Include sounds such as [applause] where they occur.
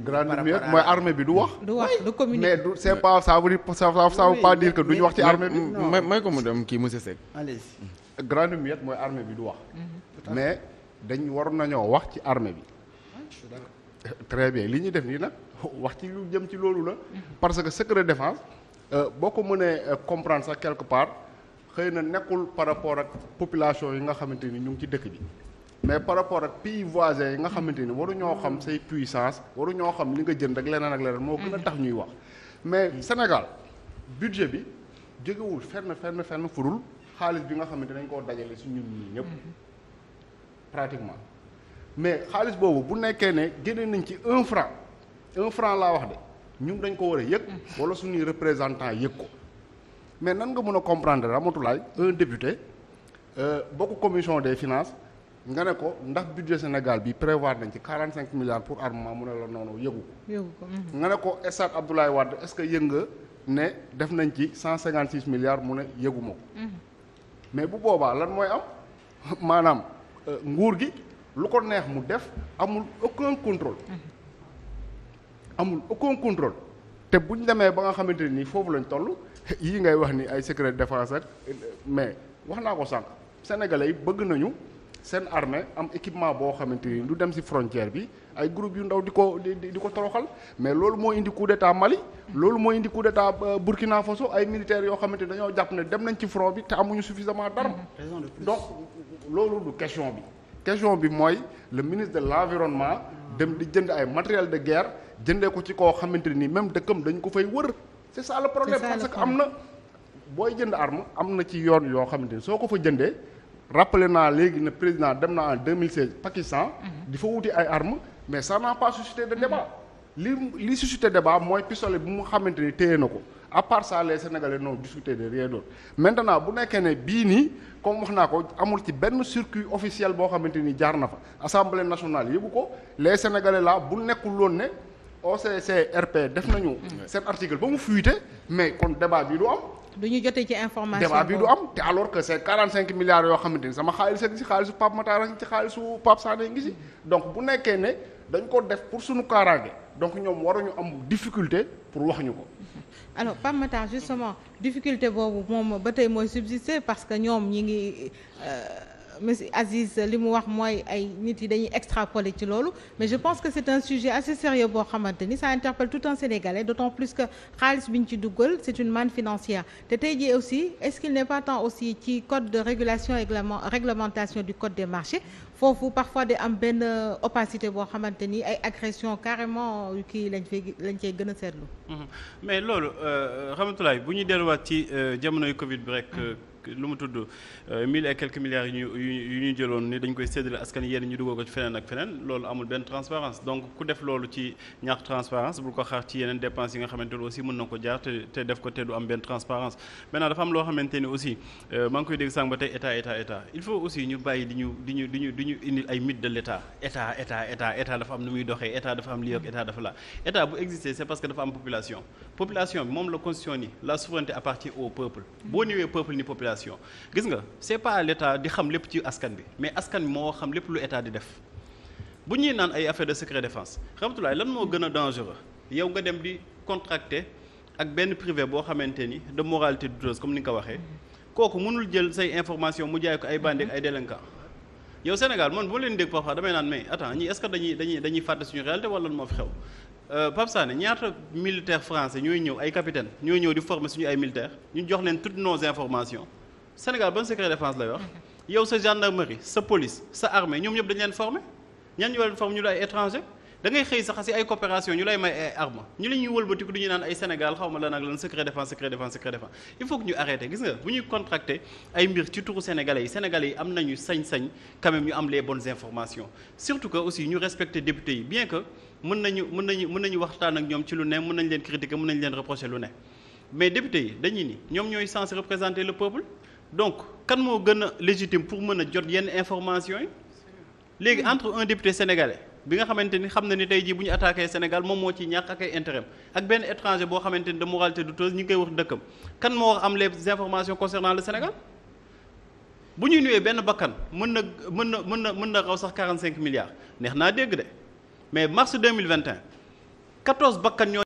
grande lumière mooy armée bi du wax. du wax du communiquer mais c'est pas ça pas dire que duñ wax ci armée bi. may may ko mu dem kii monsieur Seck. grande lumière mooy armée bi du wax. Mhm. mais dañ waroon nañoo wax ci armée bi. très bien li ñu def nii nag wax ci lu jëm ci loolu la. Mhm. parce que secret défense euh, boo ko mënee euh, comprendre sax quelque part xëy na nekkul par rapport ak population yi nga xamante ni ñu ci dëkk bi. mais par rapport ak pays voisins yi nga xamante ni waru ñoo xam say puissance waruñoo xam li nga jënd ak leneen ak leneen moo gën a tax ñuy wax mais Sénégal budget bi jógewul fenn fenn fenn furul xaalis bi nga xamante dañ koo dajale suñu ñun ñii pratiquement mais xaalis boobu bu nekkee ne génne nañ ci un franc un laa wax de ñun dañ ko war a yëg wala suñuy représentant yëg ko mais nan nga mën a comprendre Ramatoulaye un député euh, bokk commission des finances nga ne ko ndax budget Sénégal bi prévoir nañ ci quarante cinq milliards pour armement mu ne la noonu yëgu ko mhm. nga ne ko Stade Abdoulaye Wade est-ce que yëg nga ne def nañ ci cent cinquante six milliards mu ne yëguma ko mhm. mais bu boobaa lan mooy am [laughs] maanaam euh, nguur gi lu ko neex mu def amul aucun contrôle mhm. amul aucun contrôle te bu ñu demee ba nga xamante nii foofu lañ toll [laughs] yii ngay wax ni ay secret défense ak euh, mais wax naa ko sànq sénégalais bëgg nañu sen armée am équipement bo xamante ni lu dem ci frontière bi ay groupe yu ndaw diko diko toroxal mais loolu moo indi coup d'état Mali loolu moo indi coup d'état euh, Burkina Faso ay militaires yo xamante ni japp jàpp ne dem nañ ci front bi te amuñu suffisamment d'armes mm-hmm. donc loolu du question bi question bi moy le ministre de l'environnement dem di jënd ay matériel de guerre jëndee ko ci ko xamante ni même dëkkam dañ ko fay wër c'est ça le problème parce que amna boy jënd arme amna ci yoon yo xamante soko fa jëndé Rappelez-vous que le président dem na en 2016 Pakistan. Mhm. di fa wuti ay armes mais ça n'a pas suscité de débat. Mhm. li li suscité débat moy pistolet bu mu xamanteni téyé nako à part ça les sénégalais n'ont discuté de rien d'autre maintenant bu vous né bi ni comme wax naa dit, amul ci benn circuit officiel pour xamanteni ni jaar na fa assemblée nationale yebou ko les sénégalais là bu nekkul né ne OCCRP def nañu. cet mhm. article ba mu fuité mais kon débat bi du am. du ñu jotee ci information débat bi du am te alors que c'est 45 milliards yoo xamante ni sama xaalis a ngi xaalisu Pape a ngi si xaalisu Pape Sané ngi si donc bu nekkee ne dañ ko def pour suñu kaaraange donc ñoom waruñu am difficulté pour wax ñu ko. alors Pape Matar justement difficulté boobu moom ba tey mooy subsister parce que ñoom ñi ngi. Euh, monsieur Aziz euh, li mu wax mooy ay nit yi dañuy ci mais je pense que c'est un sujet assez sérieux pour xamante ça interpelle tout un Sénégalais d'autant plus que xaalis Binti Dougal, c'est une manne financière te aussi est-ce qu'il n'est pas tant aussi ci code de régulation réglementation du code des marchés foofu parfois des am benn euh, opacité pour xamante agression carrément qui euh, lañ fay lañ mhm. mais loolu Ramatoulaye bu ñu delluwaat ci le Covid break lu mu tudd euh, mille et quelques milliards yu ñu yu ñu jëloon ni dañ koy séddale askan yéen ñu duggoo ko ci feneen ak feneen loolu amul benn transparence donc ku def loolu ci ñàkk transparence bul ko xaar ci yeneen dépenses yi nga xamante aussi mën na ko jaar te te def ko te du am benn transparence maintenant dafa am loo xamante ni aussi euh, maa ngi koy dégg sànq ba tey état état état il faut aussi ñu bàyyi di ñu di ñu di ñu di ñu indil ay mit de l' état état état état état dafa am nu muy doxee état dafa am lii ak état dafa la état bu existé c' est parce que dafa am population population bi moom la constitution ni la souveraineté appartient au peuple boo ñëwee peuple ni population population gis nga c'est pas l'état di xam lépp ci askan bi mais askan bi moo xam lépp lu état di def bu ñuy naan ay affaire de secret défense Ramatoulaye lan moo gën a dangereux yow nga dem di contracter ak benn privé boo xamante ni de moralité douteuse comme ni nga ko waxee kooku mënul jël say information mu jaay ko ay bandit ay délinquant yow Sénégal man boo leen dégg parfois damay naan mais attends ñi est-ce que dañuy dañuy dañuy fàtte suñu réalité wala lan moo fi xew euh, Pape Sané ñaata militaire français ñooy ñëw ay capitaine ñooy ñëw di former suñu ay militaire ñu jox leen toutes nos informations Sénégal ban secret défense lay wax yow sa gendarmerie sa police sa armée Nous sommes dañ leen Nous ñan ñu leen formé ñu lay ay étranger da ngay xëy sax si ay coopération ñu lay may ay armes ñu la ñuy wëlbatiku du ñu naan ay Sénégal xaw ma lan ak lan défense secrétaire défense secret défense il faut que ñu arrêté gis nga bu ñuy contracté ay mbir ci turu sénégalais yi sénégalais yi am nañu sañ-sañ quand même ñu am les bonnes informations surtout que aussi ñu respectons les yi bien que mën nañu mën nañu mën nañu waxtaan ak ñoom ci lu ne mën des leen critiquer mën nañu leen reprocher lu ne mais député yi dañuy ni ñoom censé représenter le peuple donc kan mo gën légitime pour mën a jot yenn information yi entre un député sénégalais bi nga xamante xamna ni tey jii bu ñu Sénégal mom mo ci ñak ak ay intérêt ak ben étranger bo xamante de moralité douteuse ñu ngi wax dëkkam kan mo wax am les informations concernant le Sénégal buñu ñuy nuyee benn bakkan mën na mën na mën na raw sax 45 milliards nexna dégg dé mais mars 2021 14 bakkan ñoo